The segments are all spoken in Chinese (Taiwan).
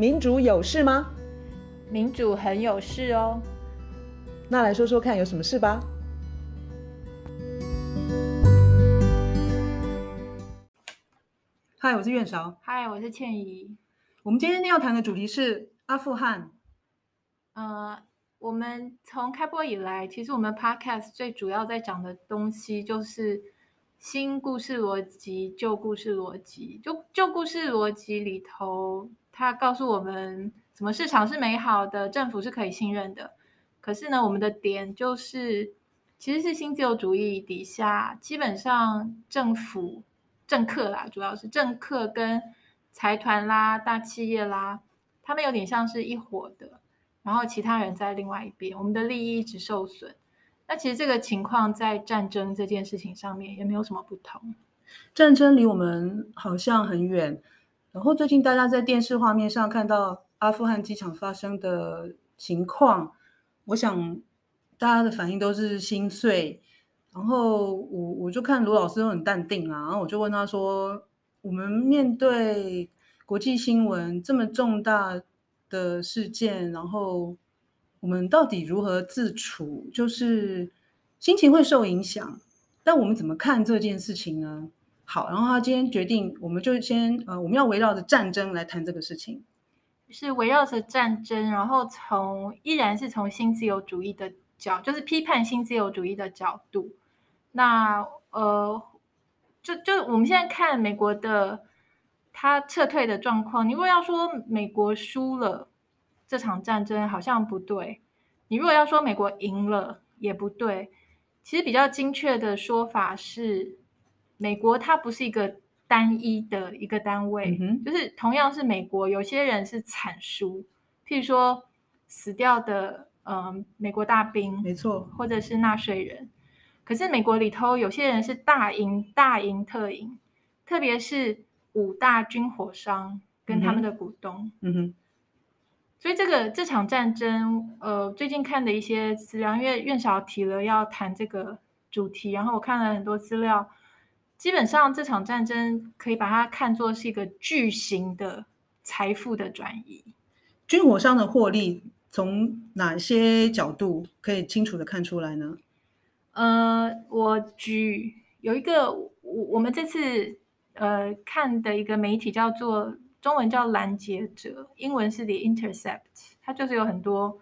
民主有事嗎？民主很有事哦。那來說說看，有什麼事吧？嗨，哦、說說 Hi, 我是苑韶。嗨，我是倩怡。我們今天要談的主題是阿富汗。呃，我們從開播以來，其實我們 Podcast 最主要在講的東西就是新故事邏輯、舊故事邏輯。就舊，舊故事邏輯裡頭。他告訴我們，什麼市場是美好的，政府是可以信任的。可是呢，我們的點就是，其實是新自由主義底下，基本上政府、政客啦，主要是政客跟財團啦、大企業啦，他們有點像是一夥的。然後其他人在另外一邊，我們的利益一直受損。那其實這個情況在戰爭這件事情上面也沒有什麼不同。戰爭離我們好像很遠。然後最近大家在電視畫面上看到阿富汗機場發生的情況，我想大家的反應都是心碎。然後我我就看盧老師都很淡定啊，然後我就問他說：“我們面對國際新聞這麼重大的事件，然後我們到底如何自處？就是心情會受影響，但我們怎麼看這件事情呢？”好，然後他今天決定，我們就先呃，我們要圍繞着戰爭來談這個事情，是圍繞着戰爭，然後從依然是從新自由主義的角，就是批判新自由主義的角度，那呃，就就我們現在看美國的他撤退的狀況，你如果要說美國輸了這場戰爭，好像不對；你如果要說美國贏了也不對，其實比較精確的說法是。美國它不是一個單一的一個單位、嗯，就是同樣是美國，有些人是慘輸，譬如說死掉的，嗯、呃，美國大兵，沒錯，或者是納稅人。可是美國裡頭有些人是大贏，大贏特贏，特別是五大軍火商跟他們的股東。嗯哼。嗯哼，所以這個這場戰爭，呃，最近看的一些資料，因為院少提了要談這個主題，然後我看了很多資料。基本上這場戰爭可以把它看作是一個巨型的財富的轉移，軍火商的獲利從哪些角度可以清楚的看出來呢？呃，我舉有一個，我我們這次呃看的一個媒體叫做中文叫攔截者，英文是 The Intercept，它就是有很多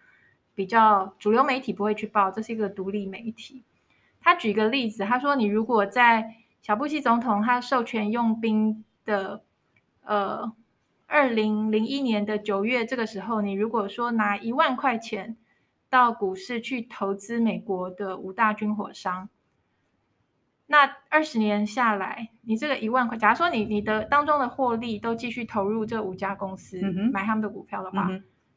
比較主流媒體不會去報，這是一個獨立媒體。他舉個例子，他說你如果在小布希總統他授權用兵的，呃，二零零一年的九月這個時候，你如果說拿一萬塊錢到股市去投資美國的五大軍火商，那二十年下來，你這個一萬塊，假如說你你的當中的獲利都繼續投入這五家公司、嗯哼、買他們的股票的話，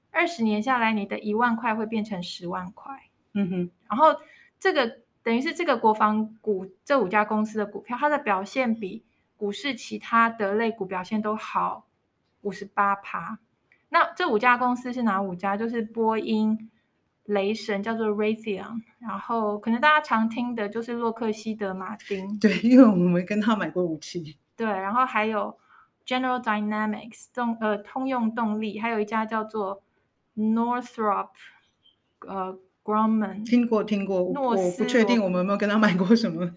二、嗯哼、十年下來，你的一萬塊會變成十萬塊。嗯哼，然後這個。等於是這個國防股，這五家公司的股票，它的表現比股市其他的類股表現都好五十八趴。那這五家公司是哪五家？就是波音、雷神，叫做 Raytheon，然後可能大家常聽的就是洛克希德馬丁。對，因為我們沒跟他買過武器。對，然後還有 General Dynamics 動呃通用動力，還有一家叫做 Northrop，呃。Grumman 聽過聽過我，我不確定我們有沒有跟他買過什麼。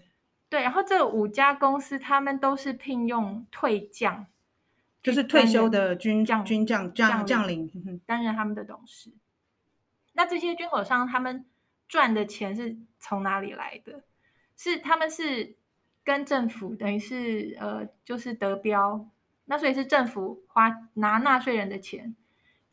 對，然後這五家公司，他們都是聘用退將，就是退休的軍將、軍將、將將領、嗯、擔任他們的董事。那這些軍火商他們賺的錢是從哪裡來的？是他們是跟政府，等於是呃，就是得標，那所以是政府花拿納稅人的錢。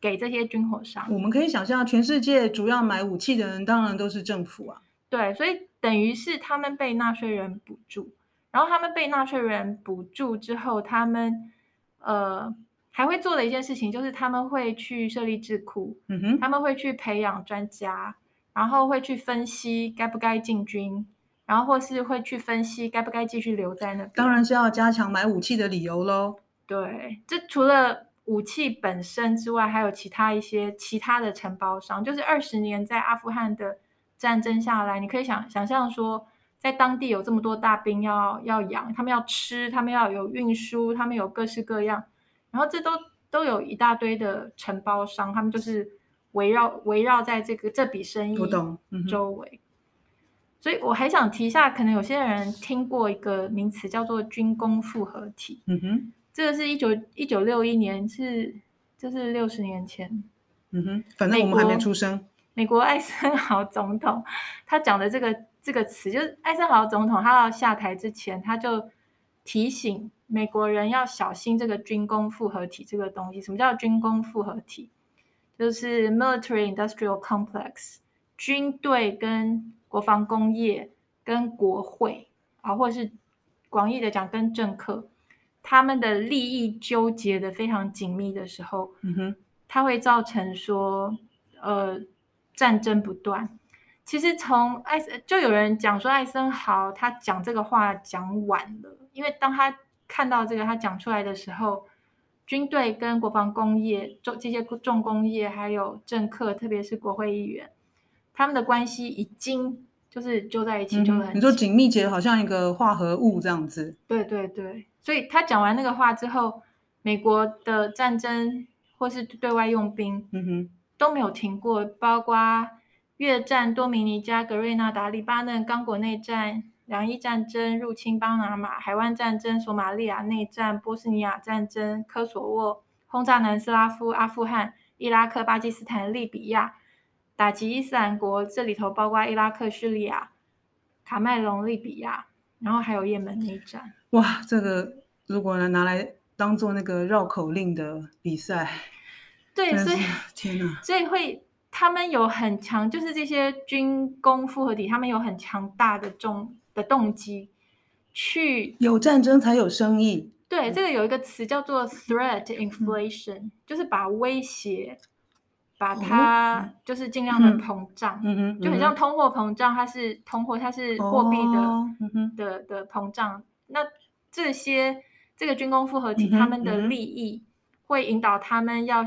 給這些軍火商，我們可以想象，全世界主要買武器的人當然都是政府啊。對，所以等於是他們被納稅人補助，然後他們被納稅人補助之後，他們呃還會做的一件事情就是他們會去設立智庫，嗯哼，他們會去培養專家，然後會去分析該不該進軍，然後或是會去分析該不該繼續留在那，當然是要加強買武器的理由嘍。對，這除了，武器本身之外，還有其他一些其他的承包商。就是二十年在阿富汗的戰爭下來，你可以想想象說在當地有這麼多大兵要要養，他們要吃，他們要有運輸，他們有各式各樣，然後這都都有一大堆的承包商，他們就是圍繞圍繞在這個這筆生意周圍不懂、嗯哼。所以我還想提一下，可能有些人聽過一個名詞叫做軍工複合體。嗯哼。這個是一九一九六一年，是就是六十年前。嗯哼，反正我們還沒出生。美國，美國艾森豪總統他講的這個這個詞，就是艾森豪總統他要下台之前，他就提醒美國人要小心這個軍工複合體這個東西。什麼叫軍工複合體？就是 military industrial complex，軍隊跟國防工業跟國會啊，或者是廣義的講跟政客。他們的利益糾結的非常緊密的時候，嗯哼，它會造成說，呃，戰爭不斷。其實從艾森就有人講說，艾森豪他講這個話講晚了，因為當他看到這個他講出來的時候，軍隊跟國防工業重這些重工業還有政客，特別是國會議員，他們的關係已經就是糾在一起，就很、嗯、你說緊密結好像一個化合物這樣子，對對對。所以他講完那個話之後，美國的戰爭或是對外用兵，嗯哼，都沒有停過，包括越戰、多米尼加、格瑞納達、黎巴嫩、剛果內戰、兩伊戰爭、入侵巴拿馬、海灣戰爭、索馬利亞內戰、波斯尼亞戰爭、科索沃、轟炸南斯拉夫、阿富汗、伊拉克、巴基斯坦、利比亞，打擊伊斯蘭國，這裡頭包括伊拉克、敘利亞、卡麥隆、利比亞。然後還有雁門那一站，哇，這個如果能拿來當做那個繞口令的比賽，對，所以天哪，所以會他們有很強，就是這些軍工複合體，他們有很強大的重的動機去有戰爭才有生意，對，這個有一個詞叫做 threat inflation，、嗯、就是把威脅。把它就是盡量的膨脹，哦嗯嗯嗯嗯、就很像通貨膨脹，它是通貨，它是貨幣的、哦嗯嗯、的的膨脹。那這些這個軍工複合體、嗯嗯嗯、他們的利益會引導他們要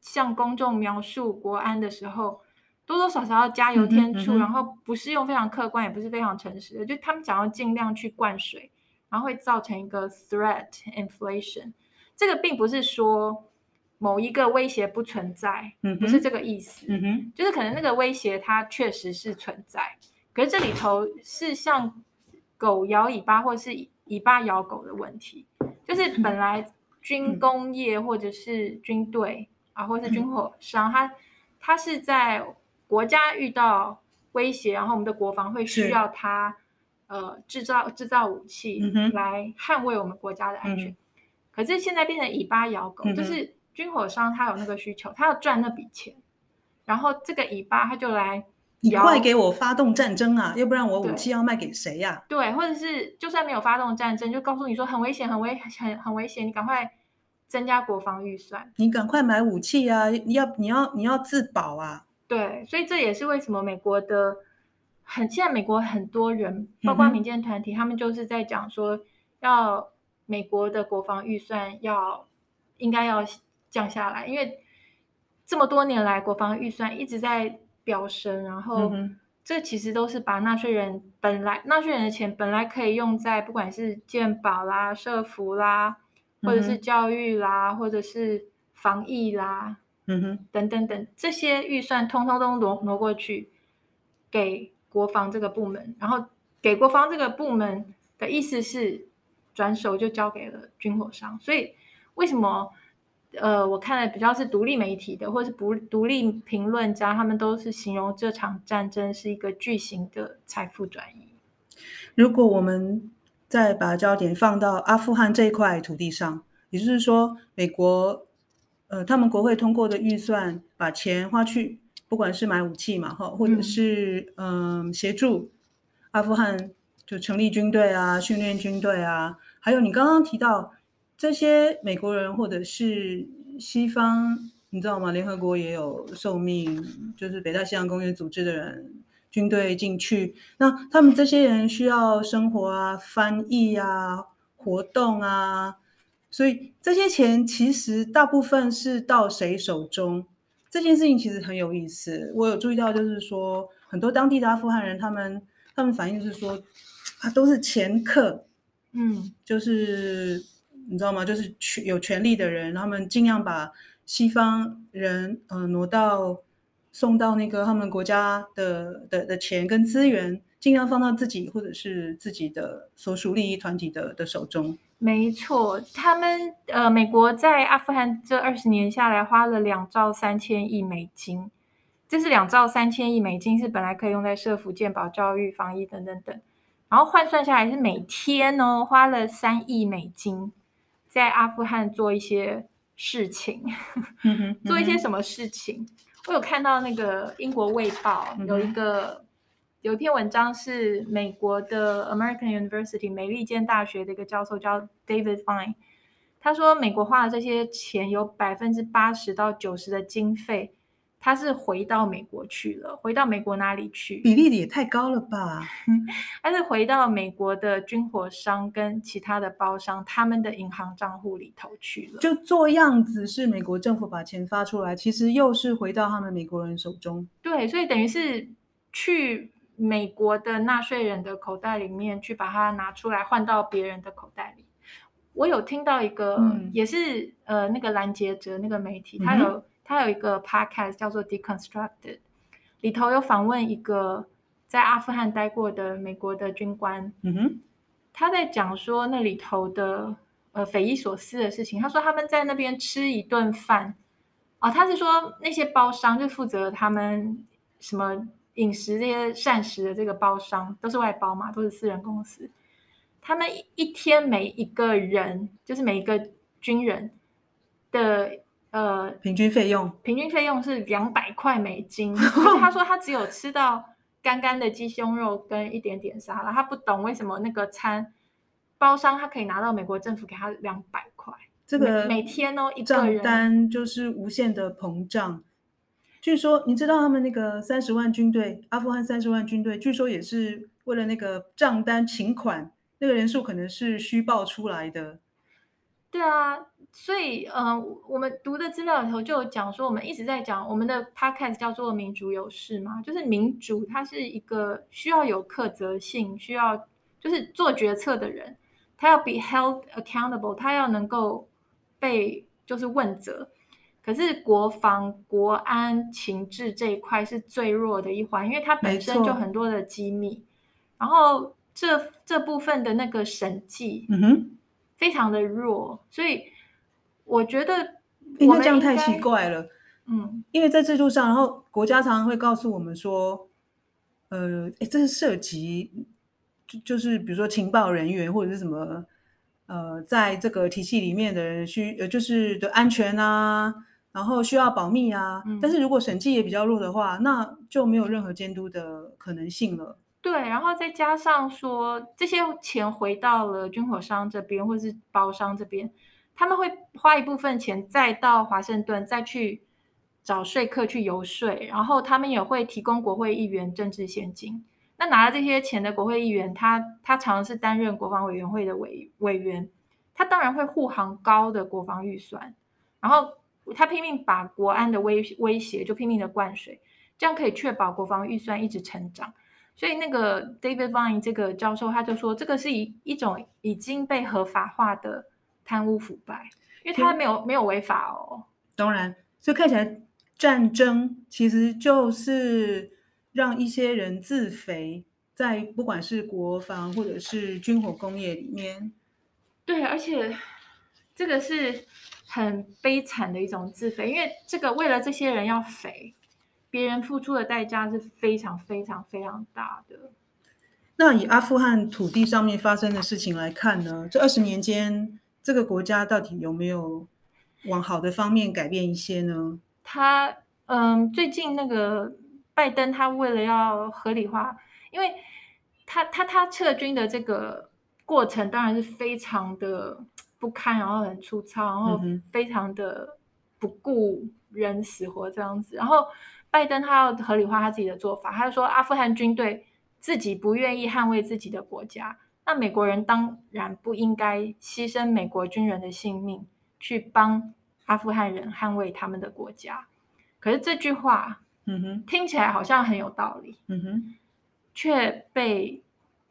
向公眾描述國安的時候，多多少少要加油添醋、嗯嗯嗯，然後不是用非常客觀，也不是非常誠實的，就他們想要盡量去灌水，然後會造成一個 threat inflation。這個並不是說。某一個威脅不存在，嗯、不是這個意思、嗯，就是可能那個威脅它確實是存在，可是這裡頭是像狗咬尾巴或者是尾巴咬狗的問題，就是本來軍工業或者是軍隊啊，嗯嗯、或者是軍火商它，它、嗯、它是在國家遇到威脅，然後我們的國防會需要它呃製造製造武器來捍衛我們國家的安全，嗯、可是現在變成尾巴咬狗、嗯，就是。軍火商他有那個需求，他要賺那筆錢，然後這個尾巴他就來，你快給我發動戰爭啊！要不然我武器要賣給誰呀、啊？對，或者是就算沒有發動戰爭，就告訴你說很危險，很危，很很危險，你趕快增加國防預算，你趕快買武器啊！你要你要你要自保啊！對，所以這也是為什麼美國的很現在美國很多人包括民間團體、嗯，他們就是在講說，要美國的國防預算要應該要。降下來，因為這麼多年來，國防預算一直在飆升。然後，這其實都是把納稅人本來納稅人的錢本來可以用在不管是健保啦、社福啦，或者是教育啦，或者是防疫啦，嗯哼，等等等這些預算，通通都挪挪過去給國防這個部門。然後給國防這個部門的意思是，轉手就交給了軍火商。所以，為什麼？呃，我看的比較是獨立媒體的，或者是不獨立評論家，他們都是形容這場戰爭是一個巨型的財富轉移。如果我們再把焦點放到阿富汗這塊土地上，也就是說，美國，呃，他們國會通過的預算把錢花去，不管是買武器嘛，哈，或者是嗯、呃，協助阿富汗就成立軍隊啊，訓練軍隊啊，還有你剛剛提到。這些美國人或者是西方，你知道嗎？聯合國也有受命，就是北大西洋公約組織的人軍隊進去。那他們這些人需要生活啊、翻譯啊、活動啊，所以這些錢其實大部分是到誰手中？這件事情其實很有意思。我有注意到，就是說很多當地的阿富汗人他們，他們他們反應就是說啊，都是錢客。嗯，就是。你知道嗎？就是權有權力的人，他們盡量把西方人、呃，挪到、送到那個他們國家的的的錢跟資源，盡量放到自己或者是自己的所屬利益團體的的手中。沒錯，他們呃，美國在阿富汗這二十年下來花了兩兆三千億美金，這是兩兆三千億美金是本來可以用在社福、健保、教育、防疫等等等，然後換算下來是每天哦，花了三億美金。在阿富汗做一些事情， 做一些什麼事情？ 我有看到那個英國衛報 有一個有一篇文章，是美國的 American University 美利堅大學的一個教授，叫 David f i n e，他說美國花的這些錢，有百分之八十到九十的經費。他是回到美國去了，回到美國哪裡去？比例也太高了吧？嗯、他是回到美國的軍火商跟其他的包商他們的銀行賬戶裡頭去了，就做樣子是美國政府把錢發出來，其實又是回到他們美國人手中。對，所以等於是去美國的納稅人的口袋裡面去把它拿出來換到別人的口袋裡。我有聽到一個、嗯、也是呃那個攔截者那個媒體，他有。嗯他有一個 podcast 叫做《Deconstructed》，裡頭有訪問一個在阿富汗待過的美國的軍官。嗯哼，他在講說那裡頭的呃匪夷所思的事情。他說他們在那邊吃一頓飯哦，他是說那些包商就負責他們什麼飲食這些膳食的這個包商都是外包嘛，都是私人公司。他們一，一天每一個人就是每一個軍人的。呃，平均費用，平均費用是兩百塊美金。 他說他只有吃到乾乾的雞胸肉跟一點點沙拉。他不懂為什麼那個餐包商他可以拿到美國政府給他兩百塊。這個每、每天呢、哦，一賬單就是無限的膨脹。據說你知道他們那個三十萬軍隊，阿富汗三十萬軍隊，據說也是為了那個賬單請款，那個人數可能是虛報出來的。是啊，所以嗯、呃，我們讀的資料裡頭就有講說，我們一直在講我們的 podcast 叫做“民主有事”嘛，就是民主它是一個需要有課責性，需要就是做決策的人，他要 be held accountable，他要能夠被就是問責。可是國防、國安、情治這一塊是最弱的一環，因為它本身就很多的機密，然後這這部分的那個審計，嗯哼。非常的弱，所以我覺得因為、欸，這樣太奇怪了。嗯，因為在制度上，然後國家常常會告訴我們說，呃，誒這是涉及，就就是比如說情報人員或者是什麼，呃，在這個體系裡面的人需呃就是的安全啊，然後需要保密啊、嗯。但是如果審計也比較弱的話，那就沒有任何監督的可能性了。對，然後再加上說，這些錢回到了軍火商這邊，或是包商這邊，他們會花一部分錢再到華盛頓，再去找說客去游說，然後他們也會提供國會議員政治獻金。那拿了這些錢的國會議員，他他常常是擔任國防委員會的委委員，他當然會護航高的國防預算，然後他拼命把國安的威威脅就拼命的灌水，這樣可以確保國防預算一直成長。所以那個 David Vine 這個教授他就說，這個是一一種已經被合法化的貪污腐敗，因為他沒有沒有違法哦。當然，所以看起來戰爭其實就是讓一些人自肥，在不管是國防或者是軍火工業裡面。對，而且這個是很悲慘的一種自肥，因為這個為了這些人要肥。別人付出的代價是非常非常非常大的。那以阿富汗土地上面發生的事情來看呢，這二十年間，這個國家到底有沒有往好的方面改變一些呢？他嗯，最近那個拜登他為了要合理化，因為他他他撤軍的這個過程當然是非常的不堪，然後很粗糙，然後非常的不顧人死活這樣子，嗯、然後。拜登他要合理化他自己的做法，他就說：“阿富汗軍隊自己不願意捍衛自己的國家，那美國人當然不應該犧牲美國軍人的性命去幫阿富汗人捍衛他們的國家。”可是這句話，嗯哼，聽起來好像很有道理，嗯哼，卻被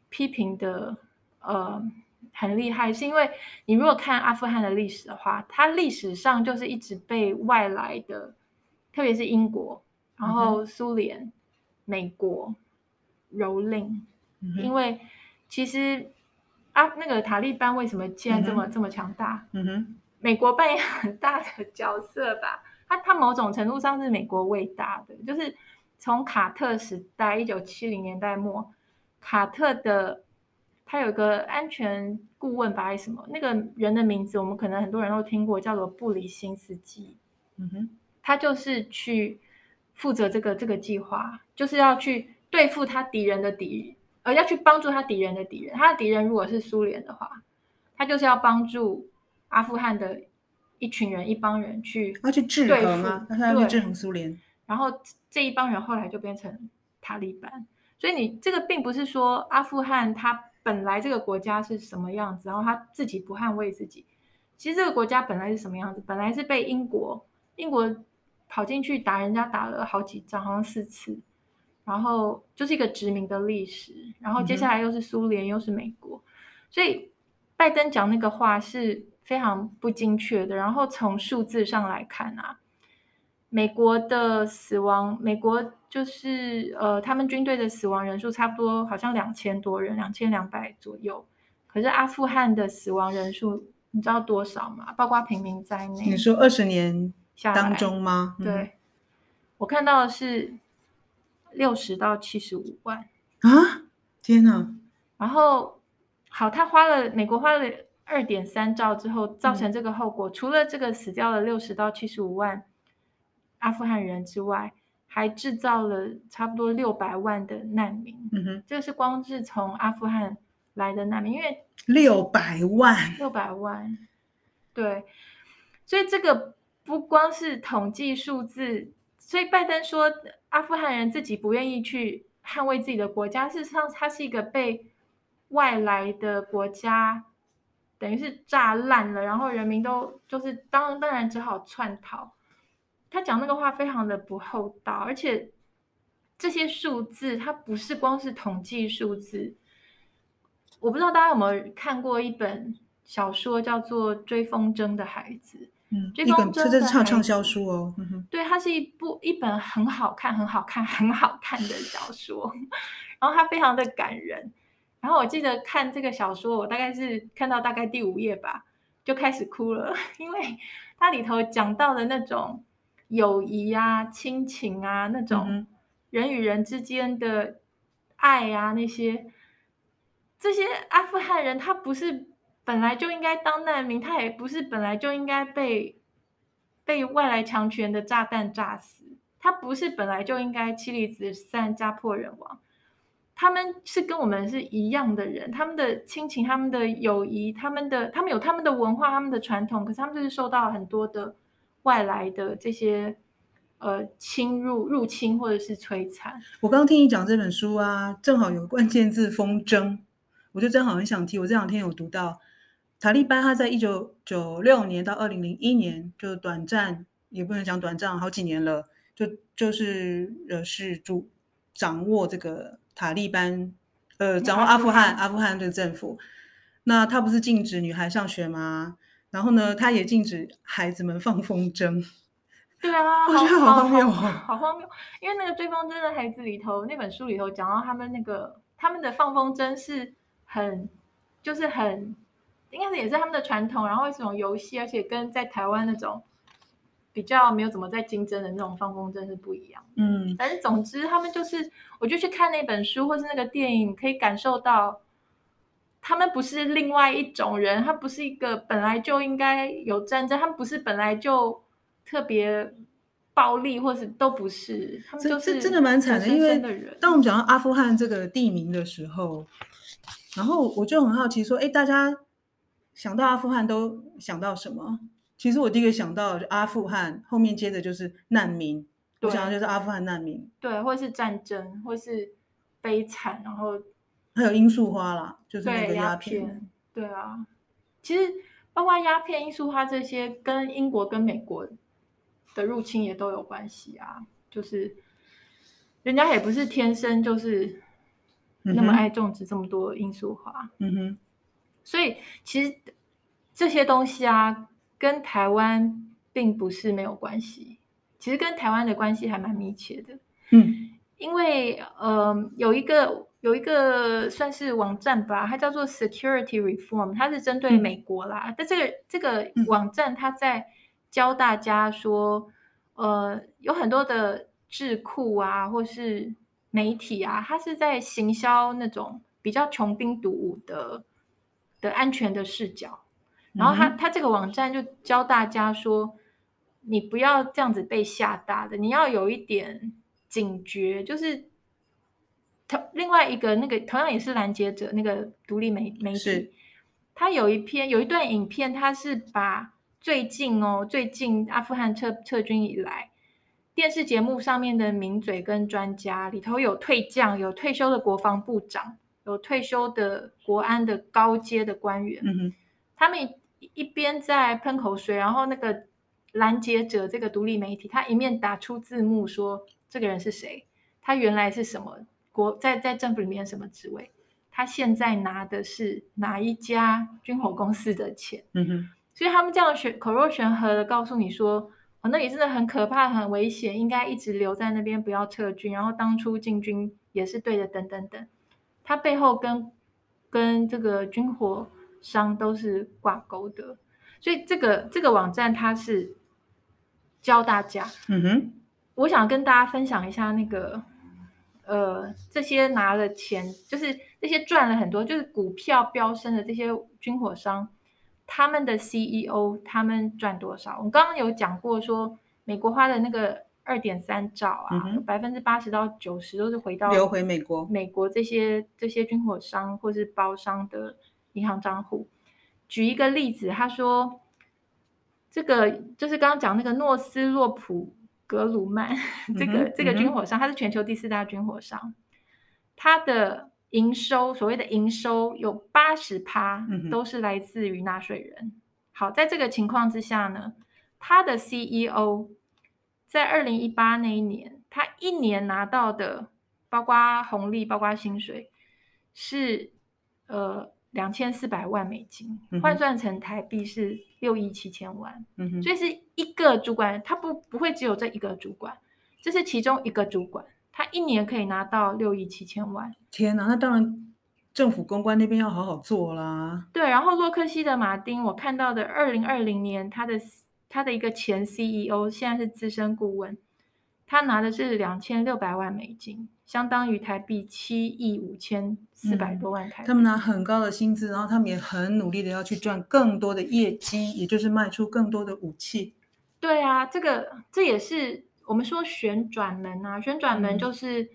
批評得，呃，很厲害，是因為你如果看阿富汗的歷史的話，它歷史上就是一直被外來的，特別是英國。然後蘇聯、uh -huh. 美國蹂躪，Rolling, uh -huh. 因為其實啊，那個塔利班為什麼現在這麼、uh -huh. 這麼強大？嗯哼，美國扮演很大的角色吧。他他某種程度上是美國偉大的，就是從卡特時代，一九七零年代末，卡特的，他有個安全顧問吧，還是什麼，那個人的名字，我們可能很多人都聽過，叫做布里辛斯基。嗯哼，他就是去。負責這個這個計劃，就是要去對付他敵人的敵，而要去幫助他敵人的敵人。他的敵人如果是蘇聯的話，他就是要幫助阿富汗的一群人、一幫人去對要去制衡嗎？他要去制衡蘇聯。然後這一幫人後來就變成塔利班。所以你這個並不是說阿富汗他本來這個國家是什麼樣子，然後他自己不捍衛自己。其實這個國家本來是什麼樣子？本來是被英國、英國。跑進去打人家打了好幾仗，好像四次，然後就是一個殖民的歷史，然後接下來又是蘇聯、嗯，又是美國，所以拜登講那個話是非常不精確的。然後從數字上來看啊，美國的死亡，美國就是呃，他們軍隊的死亡人數差不多好像兩千多人，兩千兩百左右。可是阿富汗的死亡人數，你知道多少嗎？包括平民在內。你說二十年。當中嗎、嗯？對，我看到的是六十到七十五萬啊！天吶、啊嗯！然後好，他花了美國花了二點三兆之後，造成這個後果，嗯、除了這個死掉了六十到七十五萬阿富汗人之外，還制造了差不多六百萬的難民。嗯哼，這個是光是從阿富汗來的難民，因為六百萬，六百萬，對，所以這個。不光是統計數字，所以拜登說阿富汗人自己不願意去捍衛自己的國家。事實上，他是一個被外來的國家等於是炸爛了，然後人民都就是當當然只好竄逃。他講那個話非常的不厚道，而且這些數字它不是光是統計數字。我不知道大家有沒有看過一本小說，叫做《追風箏的孩子》。嗯、本這本真正暢銷書哦、嗯，對，它是一部一本很好看、很好看、很好看的小說， 然後它非常的感人。然後我記得看這個小說，我大概是看到大概第五頁吧，就開始哭了，因為它裡頭講到的那種友誼啊、親情啊，那種人與人之間的愛啊，嗯、那些這些阿富汗人，他不是。本來就應該當難民，他也不是本來就應該被被外來強權的炸彈炸死，他不是本來就應該妻離子散、家破人亡。他們是跟我們是一樣的人，他們的親情、他們的友誼、他們的他們有他們的文化、他們的傳統，可是他們就是受到很多的外來的這些呃侵入、入侵或者是摧殘。我剛聽你講這本書啊，正好有關鍵字“風箏”，我就正好很想提。我這兩天有讀到。塔利班，他在一九九六年到二零零一年，就短暫也不能講短暫，好幾年了，就就是呃是主掌握這個塔利班，呃掌握阿富汗、哦、阿富汗這個政府。那他不是禁止女孩上學嗎？然後呢，他也禁止孩子們放風箏、嗯。對啊，我覺得好荒謬啊！好荒謬，因為那個追風箏的孩子裡頭，那本書裡頭講到他們那個他們的放風箏是很就是很。應該是也是他們的傳統，然後這種遊戲，而且跟在台灣那種比較沒有怎麼在競爭的那種放風箏是不一樣。嗯，反正總之他們就是，我就去看那本書或是那個電影，可以感受到他們不是另外一種人，他不是一個本來就應該有戰爭，他們不是本來就特別暴力，或是都不是，他們是很深深的，這這真的蠻慘的，因為當我們講到阿富汗這個地名的時候，然後我就很好奇說，哎，大家。想到阿富汗都想到什麼？其實我第一個想到就阿富汗，後面接着就是難民對。我想到就是阿富汗難民，對，或是戰爭，或是悲慘，然後還有罌粟花啦，就是那個鴉片，鴉片。對啊，其實包括鴉片、罌粟花這些，跟英國跟美國的入侵也都有關係啊。就是人家也不是天生就是那麼愛種植這麼多罌粟花。嗯哼。嗯哼所以其實這些東西啊，跟台灣並不是沒有關係，其實跟台灣的關係還蠻密切的。嗯，因為呃，有一個有一個算是網站吧，它叫做 Security Reform，它是針對美國啦。嗯、但這個這個網站，它在教大家說、嗯，呃，有很多的智庫啊，或是媒體啊，它是在行銷那種比較窮兵黷武的。安全的視角，然後他、嗯、他這個網站就教大家說，你不要這樣子被嚇大的，你要有一點警覺。就是同另外一個那個同樣也是攔截者那個獨立媒媒體，他有一篇有一段影片，他是把最近哦，最近阿富汗撤撤軍以來，電視節目上面的名嘴跟專家裡頭有退將，有退休的國防部長。有退休的國安的高階的官員，嗯哼，他們一邊在噴口水，然後那個攔截者這個獨立媒體，他一面打出字幕說：“這個人是誰？他原來是什麼國在在政府裡面什麼職位？他現在拿的是哪一家軍火公司的錢？”嗯哼，所以他們這樣選，口若懸河的告訴你說：“哦，那裡真的很可怕，很危險，應該一直留在那邊，不要撤軍。然後當初進軍也是對的，等等等。”它背後跟，跟這個軍火商都是掛鈎的，所以這個這個網站它是教大家。嗯哼，我想跟大家分享一下那個，呃，這些拿了錢，就是這些賺了很多，就是股票飆升的這些軍火商，他們的 CEO 他們賺多少？我剛剛有講過說，美國花的那個。二點三兆啊，百分之八十到九十都是回到流回美國，美國這些這些軍火商或是包商的銀行賬戶。舉一個例子，他說，這個就是剛剛講那個諾斯洛普格魯曼，這個、嗯、這個軍火商，他、嗯、是全球第四大軍火商，他的營收所謂的營收有八十趴都是來自於納稅人、嗯。好，在這個情況之下呢，他的 CEO。在二零一八那一年，他一年拿到的，包括紅利、包括薪水，是呃兩千四百萬美金，換、嗯、算成台幣是六億七千萬。嗯哼，所以是一個主管，他不不會只有這一個主管，這、就是其中一個主管，他一年可以拿到六億七千萬。天吶、啊，那當然政府公關那邊要好好做啦。對，然後洛克希德馬丁，我看到的二零二零年他的。他的一個前 CEO 現在是資深顧問，他拿的是兩千六百萬美金，相當於台幣七億五千四百多萬台、嗯。他們拿很高的薪資，然後他們也很努力的要去賺更多的業績，也就是賣出更多的武器。對啊，這個這也是我們說旋轉門啊，旋轉門就是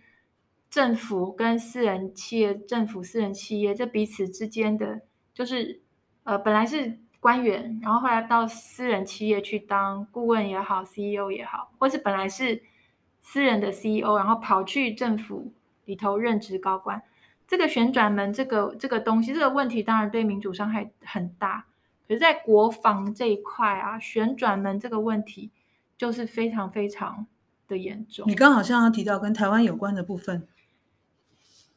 政府跟私人企業、嗯、政府私人企業這彼此之間的，就是呃本來是。官員，然後後來到私人企業去當顧問也好，CEO 也好，或是本來是私人的 CEO，然後跑去政府裡頭任職高官，這個旋轉門，這個這個東西，這個問題當然對民主傷害很大。可是，在國防這一塊啊，旋轉門這個問題就是非常非常的嚴重。你剛剛好像有提到跟台灣有關的部分，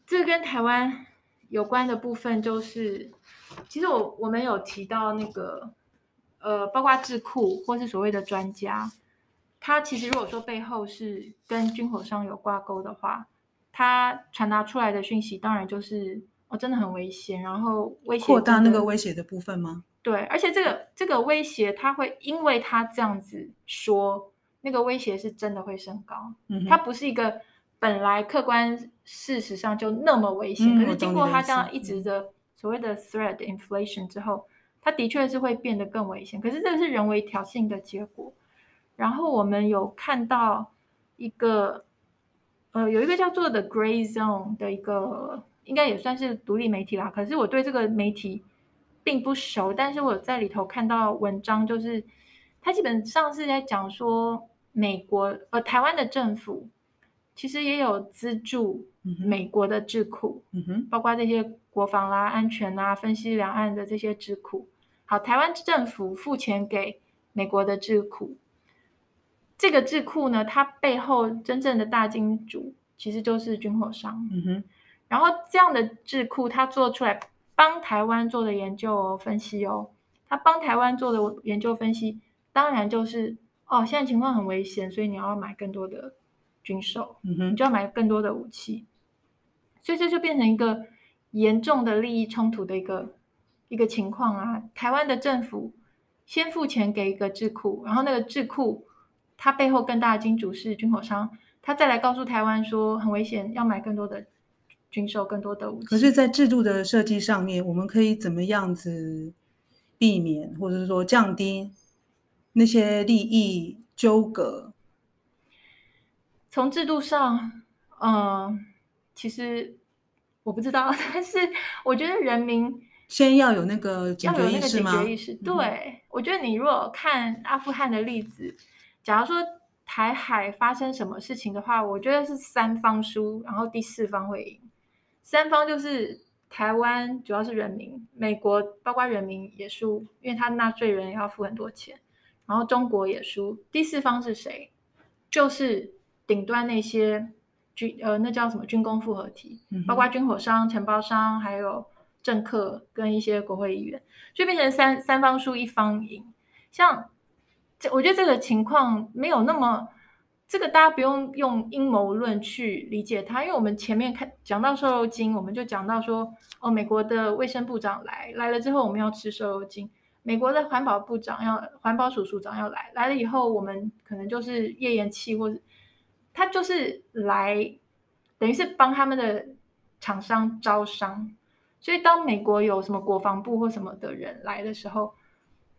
這跟台灣有關的部分就是。其實我我們有提到那個，呃，包括智庫或是所謂的專家，他其實如果說背後是跟軍火商有掛鈎的話，他傳達出來的訊息當然就是哦，真的很危險，然後威脅、這個、擴大那個威脅的部分嗎？對，而且這個這個威脅，他會因為他這樣子說，那個威脅是真的會升高，嗯，他不是一個本來客觀事實上就那麼危險，嗯、可是經過他這樣一直的。嗯所謂的 “threat inflation” 之後，它的確是會變得更危險，可是這是人為挑釁的結果。然後我們有看到一個，呃，有一個叫做 “the grey zone” 的一個，應該也算是獨立媒體啦。可是我對這個媒體並不熟，但是我在裡頭看到文章，就是它基本上是在講說，美國，呃，台灣的政府其實也有資助。美國的智庫，嗯哼，包括這些國防啦、啊、安全啦、啊、分析兩岸的這些智庫。好，台灣政府付錢給美國的智庫，這個智庫呢，它背後真正的大金主其實就是軍火商，嗯哼。然後這樣的智庫，它做出來幫台灣做的研究分析哦，它幫台灣做的研究分析，當然就是哦，現在情況很危險，所以你要買更多的軍售，嗯哼，你就要買更多的武器。所以這就變成一個嚴重的利益衝突的一個一個情況啊！台灣的政府先付錢給一個智庫，然後那個智庫它背後更大的金主是軍火商，它再來告訴台灣說很危險，要買更多的軍售，更多的武器。可是，在制度的設計上面，我們可以怎麼樣子避免，或者是說降低那些利益糾葛？從制度上，嗯、呃。其實我不知道，但是我覺得人民先要有那個警覺意識嗎？要有那個警覺意識。對、嗯，我覺得你如果看阿富汗的例子，假如說台海發生什麼事情的話，我覺得是三方輸，然後第四方會贏。三方就是台灣，主要是人民、美國，包括人民也輸，因為他納稅人也要付很多錢，然後中國也輸。第四方是誰？就是頂端那些。軍呃，那叫什麼軍工複合體、嗯，包括軍火商、承包商，還有政客跟一些國會議員，就變成三三方輸一方贏。像這，我覺得這個情況沒有那麼，這個大家不用用陰謀論去理解它，因為我們前面看講到瘦肉精，我們就講到說，哦，美國的衛生部長來來了之後，我們要吃瘦肉精；美國的環保部長要環保署署長要來來了以後，我們可能就是頁岩氣或者。他就是來，等於是幫他們的廠商招商。所以，當美國有什麼國防部或什麼的人來的時候，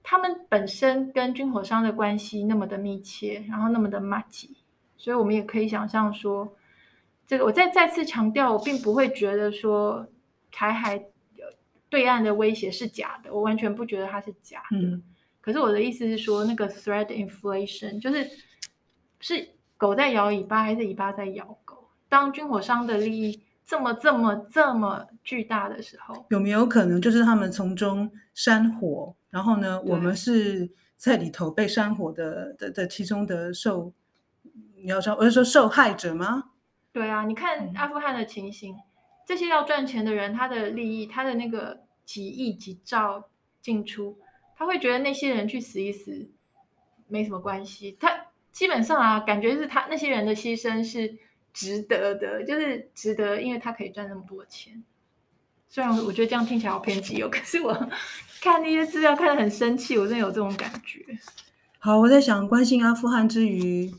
他們本身跟軍火商的關係那麼的密切，然後那麼的密集，所以我們也可以想象說，這個我再再次強調，我並不會覺得說台海對岸的威脅是假的，我完全不覺得它是假的。嗯。可是我的意思是說，那個 threat inflation 就是是。狗在搖尾巴，還是尾巴在搖狗？當軍火商的利益這麼這麼這麼巨大的時候，有沒有可能就是他們從中煽火？然後呢，我們是在裡頭被煽火的的，的其中的受，你要說我是說受害者嗎？對啊，你看阿富汗的情形，嗯、這些要賺錢的人，他的利益，他的那個幾億幾兆進出，他會覺得那些人去死一死沒什麼關係，他。基本上啊，感覺是他那些人的犧牲是值得的，就是值得，因為他可以賺那麼多錢。雖然我覺得這樣聽起來好偏激哦，可是我看那些資料看得很生氣，我真的有這種感覺。好，我在想關心阿富汗之餘，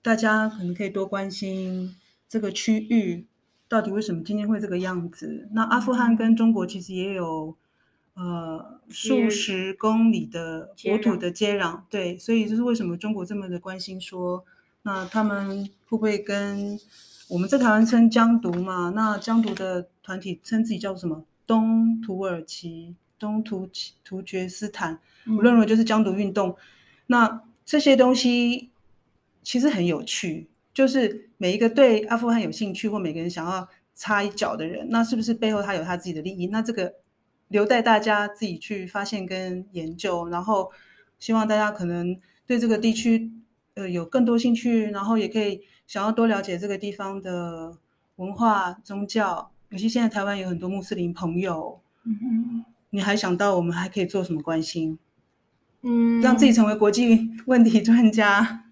大家可能可以多關心這個區域到底為什麼今天會這個樣子。那阿富汗跟中國其實也有。呃，數十公里的國土,土的接壤,接壤，對，所以就是為什麼中國這麼的關心說，說那他們會不會跟我們在台灣稱疆獨嘛？那疆獨的團體稱自己叫什麼？東土耳其、東土、突厥斯坦、嗯，我認為就是疆獨運動。那這些東西其實很有趣，就是每一個對阿富汗有興趣或每個人想要插一腳的人，那是不是背後他有他自己的利益？那這個。留待大家自己去發現跟研究，然後希望大家可能對這個地區呃有更多興趣，然後也可以想要多了解這個地方的文化、宗教，尤其現在台灣有很多穆斯林朋友，嗯哼，你還想到我們還可以做什麼關心？嗯，讓自己成為國際問題專家。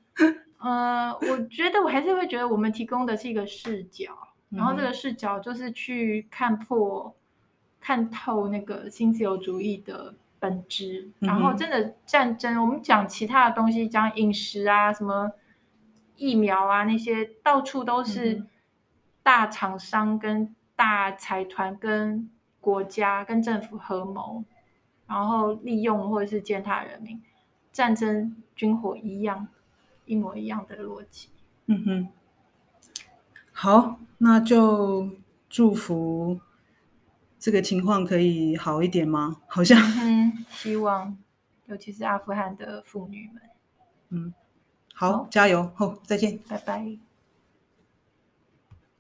呃，我覺得我還是會覺得我們提供的是一個視角，嗯、然後這個視角就是去看破。看透那個新自由主義的本質，然後真的戰爭，嗯、我們講其他的東西，講飲食啊，什麼疫苗啊，那些到處都是大廠商跟大財團跟國家跟政府合謀，然後利用或者是踐踏人民，戰爭軍火一樣，一模一樣的邏輯。嗯哼，好，那就祝福。這個情況可以好一點嗎？好像、嗯、希望，尤其是阿富汗的婦女們。嗯，好，好加油！好，再見，拜拜。